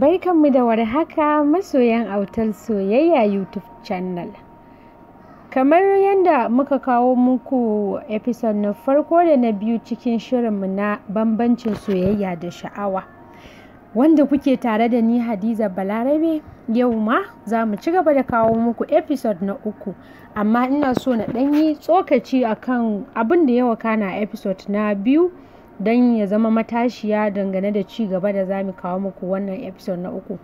kanmu da wari haka masoyan autal soyayya YouTube channel. Kamar yadda muka kawo muku episode na farko da na biyu cikin shirinmu na bambancin soyayya da sha'awa. Wanda kuke tare da ni Hadiza Balarabe yau ma za mu ci gaba da kawo muku episode na uku. Amma ina so na ɗanyi tsokaci akan abin da ya wakana episode na biyu. don ya zama matashiya dangane da ci gaba da za mu kawo muku wannan episode na uku.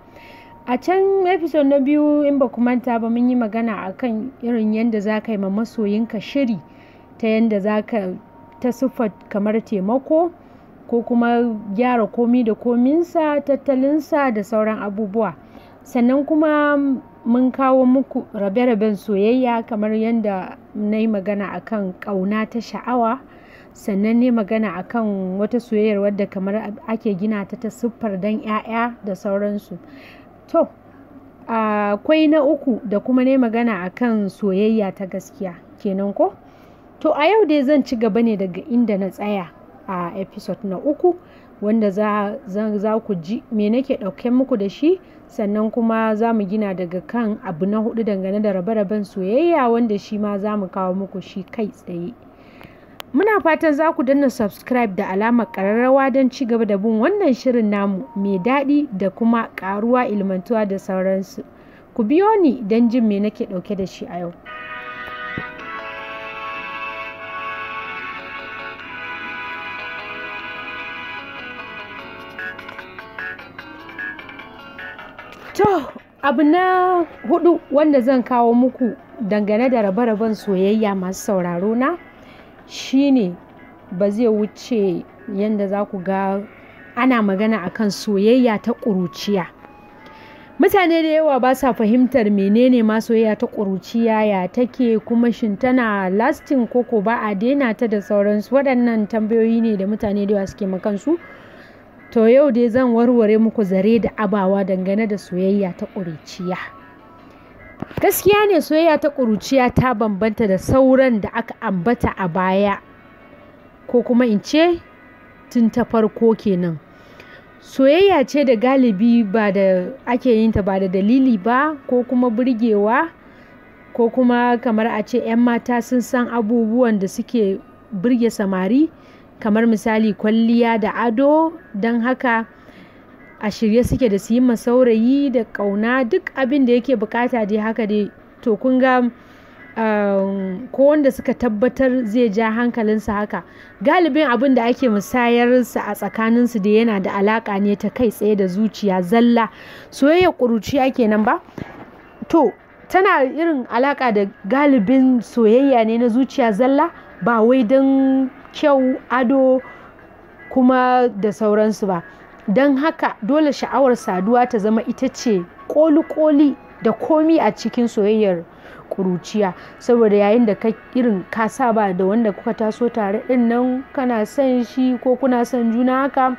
a can episode na biyu in ba manta ba mun yi magana akan irin yadda za ka yi ma masoyinka shiri ta yadda za ka ta siffa kamar taimako ko kuma gyara komi da kominsa tattalinsa da sauran abubuwa sannan kuma mun kawo muku rabe-raben soyayya kamar yadda na yi magana akan ƙauna ta sha'awa sannan ne magana akan wata soyayyar wadda kamar ake gina ta ta siffar dan 'ya'ya da sauransu to akwai na uku da kuma ne magana akan soyayya ta gaskiya kenan ko to a yau dai zan ci gaba ne daga inda na tsaya a episode na uku wanda za, ku ji me nake ɗauke muku da shi sannan kuma za mu gina daga kan abu na hudu dangane da rabe-raben soyayya wanda shi ma za mu kawo muku shi kai tsaye Muna fatan za ku danna subscribe da alamar ƙararrawa don ci gaba da bin wannan shirin namu mai daɗi da kuma ƙaruwa ilmantuwa da sauransu. Ku biyo ni don jin me nake ɗauke da shi a yau. To, abu na hudu wanda zan kawo muku dangane da rabe-raben soyayya masu sauraro na. shine ba zai wuce yadda za ku ga ana magana akan soyayya ta ƙuruciya. Mutane da yawa ba sa fahimtar menene ma soyayya ta ƙuruciya ya take kuma shin tana lastin koko ba a daina ta da sauransu waɗannan tambayoyi ne da mutane da yawa suke makansu. To yau dai zan warware muku zare da abawa dangane da soyayya ta ƙuruciya. gaskiya ne soyayya ta ƙuruciya ta bambanta da sauran da aka ambata a baya ko kuma in ce tun ta farko kenan soyayya ce da galibi ba da ake yin ta ba da dalili ba ko kuma burgewa ko kuma kamar a ce 'yan mata sun san abubuwan da suke burge samari kamar misali kwalliya da ado don haka a shirye suke da su yi masaurayi da ƙauna duk abin da yake bukata dai haka dai to kun ga um, ko wanda suka tabbatar zai ja hankalinsa haka galibin abin da ake musayarsa a tsakaninsu da yana da alaka ne ta kai tsaye da zuciya zalla soyayya ake kenan ba to tana irin alaƙa da galibin soyayya ne na zuciya zalla ba wai don kyau ado kuma da sauransu ba don haka dole sha'awar saduwa ta zama ita ce koli-koli da komi a cikin soyayyar kuruciya saboda yayin da ka irin ka ba da wanda kuka taso tare din nan kana son shi ko kuna son juna haka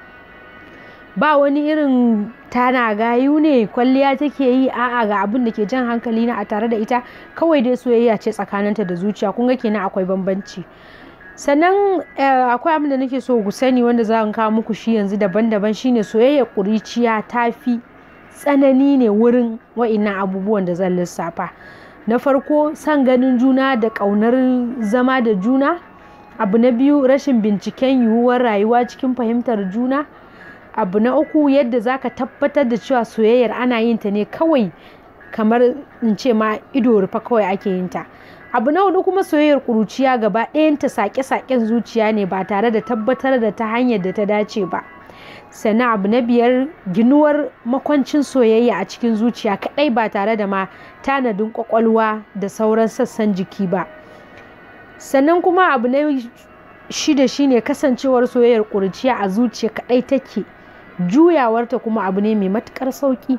ba wani irin tana gayu ne kwalliya take yi a'a ga abin da ke jan hankali na a tare da ita kawai dai soyayya ce tsakaninta da zuciya kun ga kenan akwai bambanci sannan eh, akwai abin da nake so ku sani wanda za ka kawo muku shi yanzu daban-daban shine soyayyar ƙuriciya ta fi tsanani ne wurin wa'ina abubuwan da zan lissafa na farko san ganin juna da ƙaunar zama da juna abu na biyu rashin binciken yiwuwar rayuwa cikin fahimtar juna abu na uku yadda za ka tabbatar da cewa soyayyar ana yin ta ne kawai kamar in ce ma ido rufa kawai ake yin ta abu na hudu kuma soyayyar kuruciya gaba ɗayanta sake-saken zuciya ne ba tare da tabbatar da ta hanyar da ta dace ba sannan abu na biyar ginuwar makwancin soyayya a cikin zuciya kaɗai ba tare da ma tanadin kwakwalwa da sauran sassan jiki ba sannan kuma abu na shida shine kasancewar soyayyar kuruciya a zuciya kaɗai take juyawarta kuma abu ne mai matuƙar sauƙi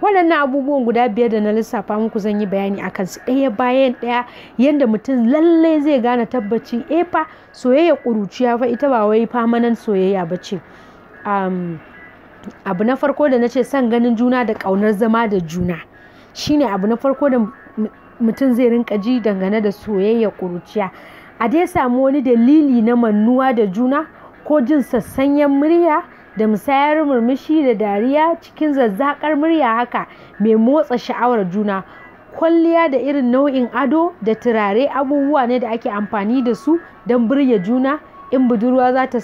waɗannan abubuwan guda biyar da na lissafa muku zan yi bayani a kansu ɗaya bayan ɗaya yadda mutum lallai zai gane tabbaci e eh fa soyayya ƙuruciya fa ita ba wai famanan soyayya ba ce abu na farko da na ce son ganin juna da ƙaunar zama da juna shine abu na farko da mutum zai rinka ji dangane da soyayya ƙuruciya a dai samu wani dalili na mannuwa da juna ko jin sassanyen murya da musayar murmushi da dariya cikin zazzakar murya haka mai motsa sha'awar juna kwalliya da irin nau'in ado da turare abubuwa ne da ake amfani da su don birge juna in budurwa za ta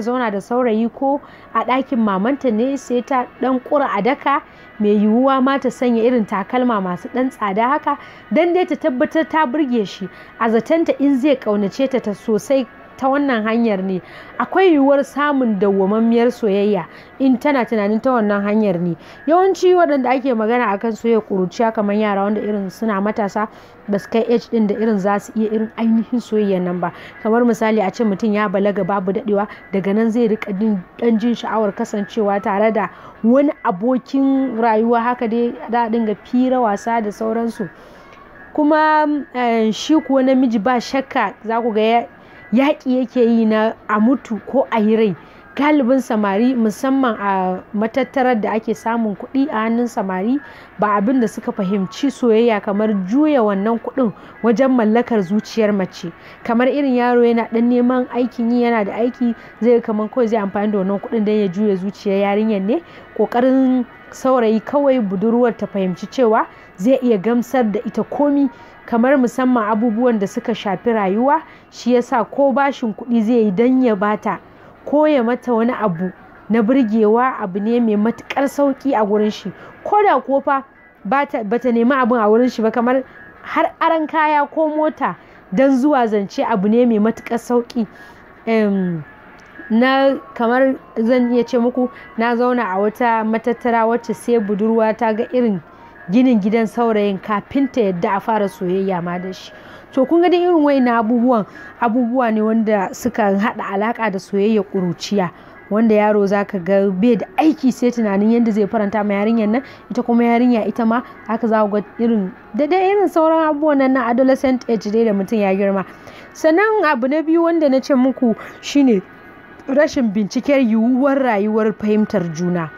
zauna da saurayi ko a ɗakin mamanta ne sai ta ɗan ƙura a daka mai yiwuwa ma ta sanya irin takalma masu ɗan tsada haka don dai ta tabbatar ta burge shi a zatanta in zai ƙaunace ta sosai ta wannan hanyar ne akwai yiwuwar samun dawwamammiyar soyayya in tana tunanin ta wannan hanyar ne yawanci waɗanda ake magana akan soyayya kuruciya kamar yara wanda irin suna matasa ba su kai age ɗin da irin za su iya irin ainihin soyayya nan ba kamar misali a ce mutum ya balaga babu daɗewa daga nan zai rika ɗan jin sha'awar kasancewa tare da wani abokin rayuwa haka dai daɗin dinga fira wasa da sauransu kuma eh, shi kuwa namiji ba shakka za ku ga yaƙi yake yi na a mutu ko a yi rai galibin samari musamman a matattarar da ake samun kuɗi a hannun samari ba abin da suka fahimci soyayya kamar juya wannan kuɗin wajen mallakar zuciyar mace kamar irin yaro yana ɗan neman aikin yi yana da aiki zai kamar kawai zai amfani da wannan kuɗin don ya juya zuciyar yarinyar ne ƙoƙarin saurayi kawai budurwar ta fahimci cewa zai iya gamsar da ita komi kamar musamman abubuwan da suka shafi rayuwa shi yasa ko bashin kuɗi zai yi don ya bata ko ya mata wani abu na burgewa abu ne mai matuƙar sauƙi a gurin shi ko da kofa ba ta nemi abin a wurin shi ba kamar har aran kaya ko mota don zuwa zance abu ne mai matuƙar sauƙi na kamar zan iya ce muku na zauna a wata matattara wacce sai budurwa ta ga irin ginin gidan saurayin kafin ta yadda a fara soyayya ma da shi to kun gani irin wayannan abubuwan abubuwa ne wanda suka haɗa alaka da soyayya kuruciya wanda yaro zaka ga bai da aiki sai tunanin yadda zai faranta ma yarinyar nan ita kuma yarinya ita ma haka za ga irin da irin sauran abubuwan nan na adolescent age dai da mutum ya girma sannan abu na biyu wanda na ce muku shine rashin binciken yiwuwar rayuwar fahimtar juna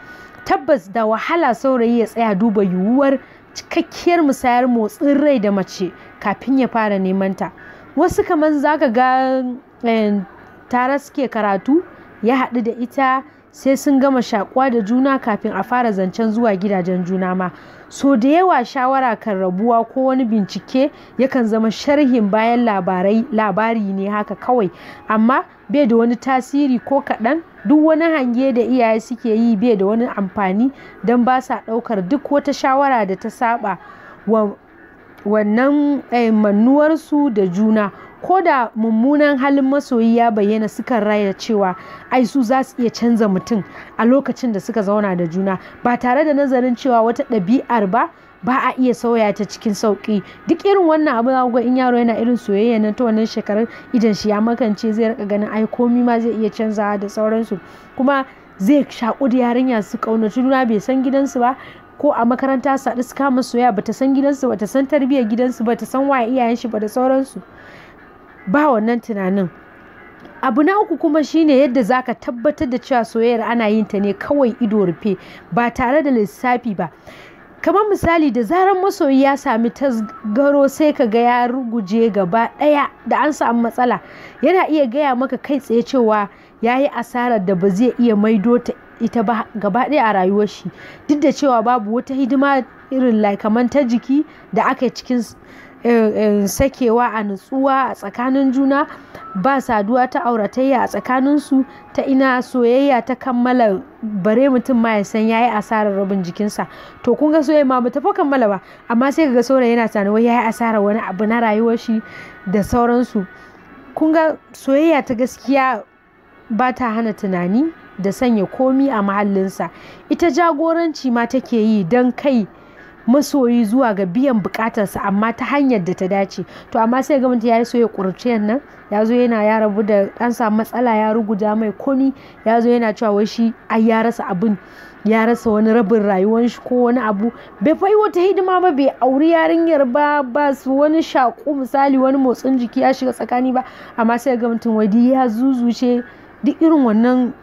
tabbas da wahala saurayi ya tsaya duba yiwuwar cikakkiyar musayar motsin rai da mace kafin ya fara nemanta wasu kamar za ka ga eh, tara suke karatu ya haɗu da ita sai sun gama shakuwa da juna kafin a fara zancen zuwa gidajen juna ma so da yawa shawara kan rabuwa ko wani bincike yakan zama sharhin bayan labarai labari ne haka kawai amma bai da wani tasiri ko kaɗan duk wani hange da iyaye suke yi bai da wani amfani don ba sa ɗaukar duk wata shawara da ta saba wannan eh, manuwarsu da juna ko da mummunan halin masoyi ya bayyana sukan raya cewa ai su za su iya canza mutum a lokacin da suka zauna da juna ba tare da nazarin cewa wata ɗabi'ar ba ba a iya sauya ta cikin sauƙi duk irin wannan abu za ga in yaro yana irin soyayya na ta wannan shekarun idan shi ya makance zai rika ganin ai komi ma zai iya canzawa da sauransu kuma zai shaƙu da yarinya su ƙaunaci juna bai san gidansu ba ko a makaranta su haɗu su kama soya bata san gidansu ba ta san tarbiyyar gidansu ba ta san waye iyayen shi ba da sauransu ba wannan tunanin abu na uku kuma shine yadda za ka tabbatar da cewa soyayyar ana yin ta ne kawai ido rufe ba tare da lissafi ba kamar misali da zarar masoyi ya sami tasgaro sai ka ga ya ruguje gaba ɗaya da an samu matsala yana iya gaya maka kai tsaye cewa ya yi asarar da ba zai iya maido ta ita ba gaba ɗaya a rayuwar shi duk da cewa babu wata hidima irin laikamanta jiki da aka cikin Eh, eh, sakewa a nutsuwa a tsakanin juna ba saduwa ta auratayya a tsakanin su ta ina soyayya ta kammala bare mutum ma ya san yayi asarar rabin jikinsa to kun ga soyayya ma bata fa kammala ba amma sai kaga saurayi yana tunanin wai yayi asarar wani abu na rayuwar shi da sauransu kun ga soyayya ta gaskiya ba ta hana tunani da sanya komi a mahallinsa ita jagoranci ma take yi don kai masoyi zuwa ga biyan bukatarsa amma ta hanyar da ta dace to amma sai ga ya yi so ya nan ya zo yana ya rabu da dan sa matsala ya ruguda mai komi ya zo yana cewa wai shi ai ya rasa abin ya rasa wani rabin rayuwar shi ko wani abu bai fai wata hidima ba bai auri yarinyar ba ba su wani shaku misali wani motsin jiki ya shiga tsakani ba amma sai ga mutum wadi ya zuzuce duk irin wannan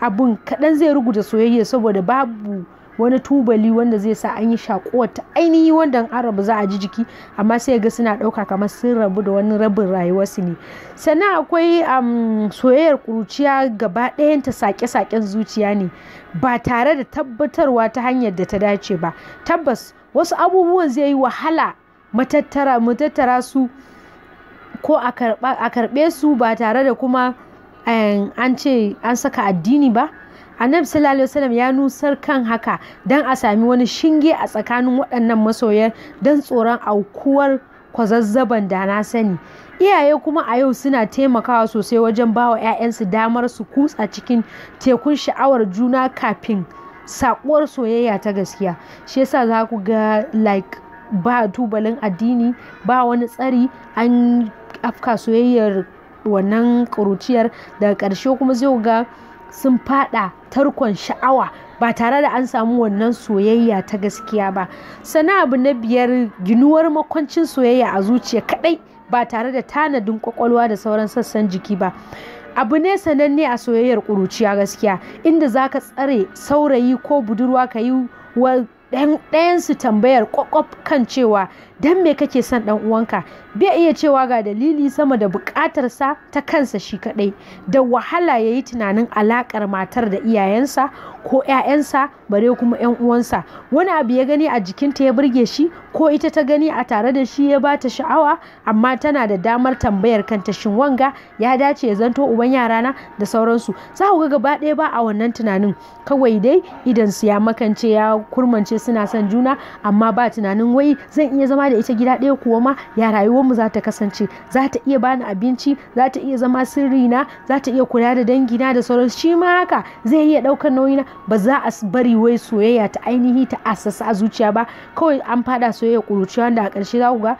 abun kaɗan zai ruguda soyayya saboda babu wani tubali wanda zai sa an yi shakuwar ta ainihi wanda an rabu za a ji jiki amma sai ga suna ɗauka kamar sun rabu da wani rabin rayuwarsu ne sannan akwai soyayyar kuruciya gaba ta sake-saken zuciya ne ba tare da tabbatarwa ta hanyar da ta dace ba tabbas wasu abubuwan zai yi wahala matattara su ko a karɓe su ba tare da kuma eh, an ce an saka addini ba annabi sallallahu alaihi wasallam ya nusar kan haka don a sami wani shinge a tsakanin waɗannan masoyan don tsoron aukuwar kwazazzaban da na sani iyaye kuma a yau suna taimakawa sosai wajen bawa 'ya'yansu damar su kutsa cikin tekun sha'awar juna kafin saƙuwar soyayya ta gaskiya shi yasa za ku ga like ba tubalin addini ba wani tsari an afka soyayyar wannan ƙuruciyar daga ƙarshe kuma zai ga sun fada tarkon sha'awa ba tare da an samu wannan soyayya ta gaskiya ba sana abu na biyar ginuwar makwancin soyayya a zuciya kadai ba tare da tanadin kwakwalwa da sauran sassan jiki ba abu ne sananne a soyayyar ƙuruciya gaskiya inda za ka tsare saurayi ko budurwa ka yi wa su tambayar kwakwaf kan cewa dan me kake son dan uwanka bai iya cewa ga dalili sama da buƙatarsa ta kansa shi kadai da wahala ya yi tunanin alakar matar da iyayensa ko 'ya'yansa bare kuma 'yan uwansa wani abu ya gani a jikinta ya burge shi ko ita ta gani a tare da shi ya bata sha'awa amma tana da damar tambayar kanta shin wanga ya dace ya zanto uban yarana da sauransu za ku ga gaba ɗaya ba a wannan tunanin kawai dai idan su ya makance ya kurmance suna son juna amma ba tunanin wai zan iya zama da ita gida ɗaya kuwa ma ya rayuwar mu za ta kasance za ta iya bani abinci za ta iya zama sirri na za ta iya kula da dangina da sauran shi ma haka zai iya ɗaukar nauyina ba za a bari wai soyayya ta ainihi ta asasa a zuciya ba kawai an fada soyayya kuruciya wanda a ƙarshe za ku ga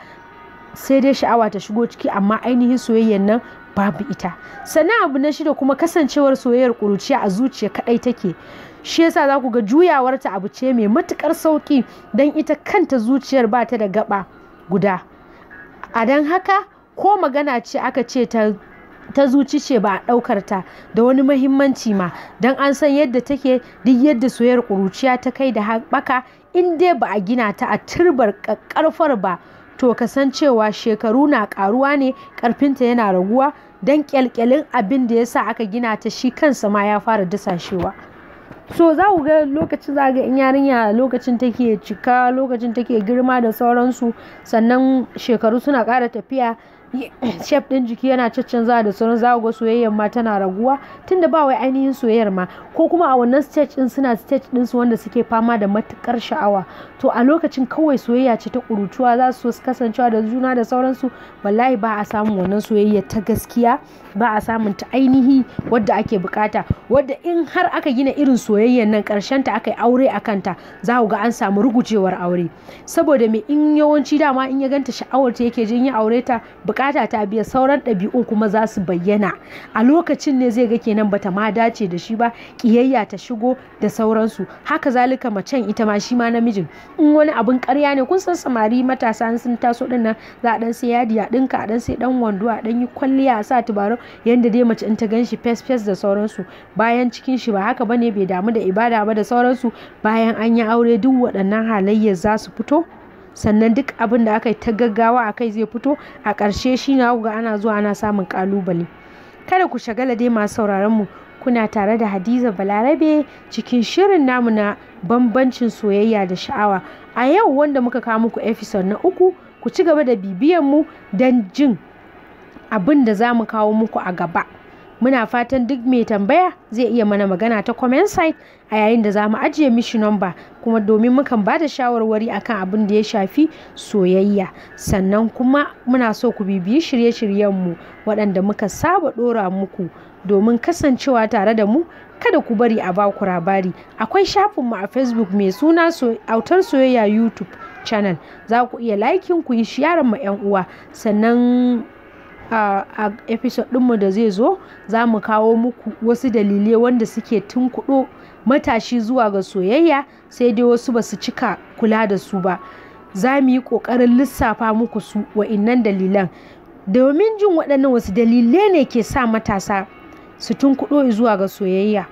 sai dai sha'awa ta shigo ciki amma ainihin soyayyan nan babu ita sannan abu na shida kuma kasancewar soyayyar ƙuruciya a zuciya kadai take shi yasa za ku ga juyawarta abu ce mai matukar sauki don ita kanta zuciyar ba ta da gaba guda a don haka ko magana ce aka ce ta ta zuci ce ba a ɗaukar ta da wani mahimmanci ma don an san yadda take duk yadda soyayyar ƙuruciya ta kai da haɓaka in dai ba a gina ta a turbar ƙarfar ba to cewa shekaru na karuwa ne karfinta yana raguwa don kyalkyalin abin da ya sa aka gina ta shi kansa ma ya fara dasashewa so za ku ga lokacin za ga in yarinya lokacin take cika lokacin take girma da sauransu sannan shekaru suna ƙara tafiya chef din jiki yana caccanza da sauran za ga soyayyar ma tana raguwa tunda ba wai ainihin soyayyar ma ko kuma a wannan stage din suna stage din su wanda suke fama da matukar sha'awa to a lokacin kawai soyayya ce ta kurutuwa za su su kasancewa da juna da sauransu wallahi ba a samun wannan soyayya ta gaskiya ba a samun ta ainihi wadda ake bukata wadda in har aka gina irin soyayyar nan karshen ta aka yi aure a kanta za ga an samu rugucewar aure saboda me in yawanci dama in ya ganta sha'awar ta yake jin ya aure ta bukata ta biya sauran ɗabi'un kuma za su bayyana a lokacin ne zai ga kenan bata ma dace da shi ba ƙiyayya ta shigo da sauransu haka zalika macen ita ma shi ma namijin in wani abin karya ne kun san samari matasa sun taso din nan za a ɗan sai yadi a dinka a ɗan sai ɗan wando a dan yi kwalliya a sa tubarau yadda dai mace in ta ganshi fes fes da sauransu bayan cikin shi ba haka bane bai damu da ibada ba da sauransu bayan an yi aure duk waɗannan halayyar za su fito sannan duk abin da aka yi ta gaggawa a kai zai fito a ƙarshe shi na ga ana zuwa ana samun ƙalubale kada ku shagala dai masu sauraron mu kuna tare da hadiza balarabe cikin shirin namu na bambancin soyayya da sha'awa a yau wanda muka kawo muku episode na uku ku ci gaba da bibiyan mu don jin abin da za mu kawo muku a gaba muna fatan duk mai tambaya zai iya mana magana ta comment site a yayin da za mu ajiye mishi number kuma domin mukan ba da shawarwari akan abin da ya shafi soyayya sannan kuma muna so ku bibiyi shirye-shiryenmu waɗanda muka saba ɗora muku domin kasancewa tare da mu kada ku bari a baku labari akwai shafinmu a facebook mai suna autar soyayya youtube channel za ku iya likin ku yi ma 'yan uwa sannan a episode ɗinmu da zai zo za mu kawo muku wasu dalilai wanda suke tunkuɗo matashi zuwa ga soyayya sai dai wasu ba su cika kula da su ba za mu yi ƙoƙarin lissafa muku su wa'innan dalilan domin jin waɗannan wasu dalilai ne ke sa matasa su tunkuɗo zuwa ga soyayya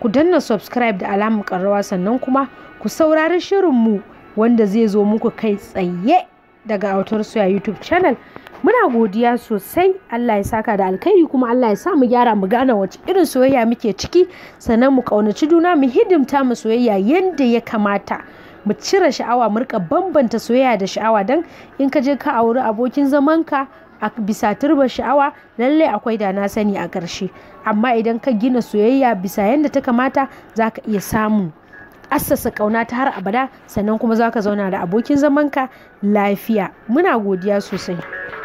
ku danna subscribe da alamar ƙararrawa sannan kuma ku saurari shirinmu wanda zai zo muku kai tsaye daga autar soya youtube channel muna godiya sosai Allah ya saka da alkhairi kuma Allah ya sa mu gyara mu gane wace irin soyayya muke ciki sannan mu kaunaci juna mu hidimta mu soyayya yadda ya kamata mu cire sha'awa mu rika bambanta soyayya da sha'awa dan in ka je ka auri abokin zamanka a bisa turba sha'awa lallai akwai da na sani a ƙarshe amma idan ka gina soyayya bisa yadda ta kamata za ka iya samu assasa kauna ta har abada sannan kuma za ka zauna da abokin zamanka lafiya muna godiya sosai